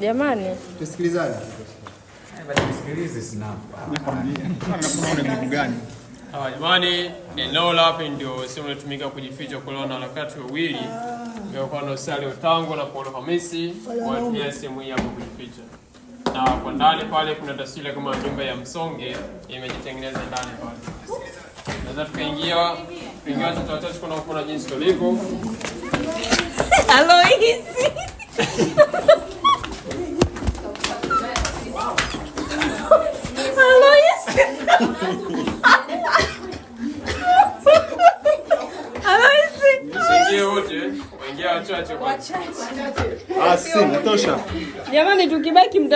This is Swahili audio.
Jamani, tusikilizane. Jamani, eneo la hapa ndio sehemu inatumika kujificha kulona wakati wawili kwa Nosali Utango na polo Hamisi watia sehemu hii hapo kujificha, na kwa ndani pale kuna taswira kama nyumba ya msonge imejitengeneza ndani pale, naweza tukaingia piga tatatu kuna kuna jinsi tuliko Aloisi Aloisi Aloisi Msingie wote waingia wachache kwa Ah, si, natosha. Jamani tukibaki mta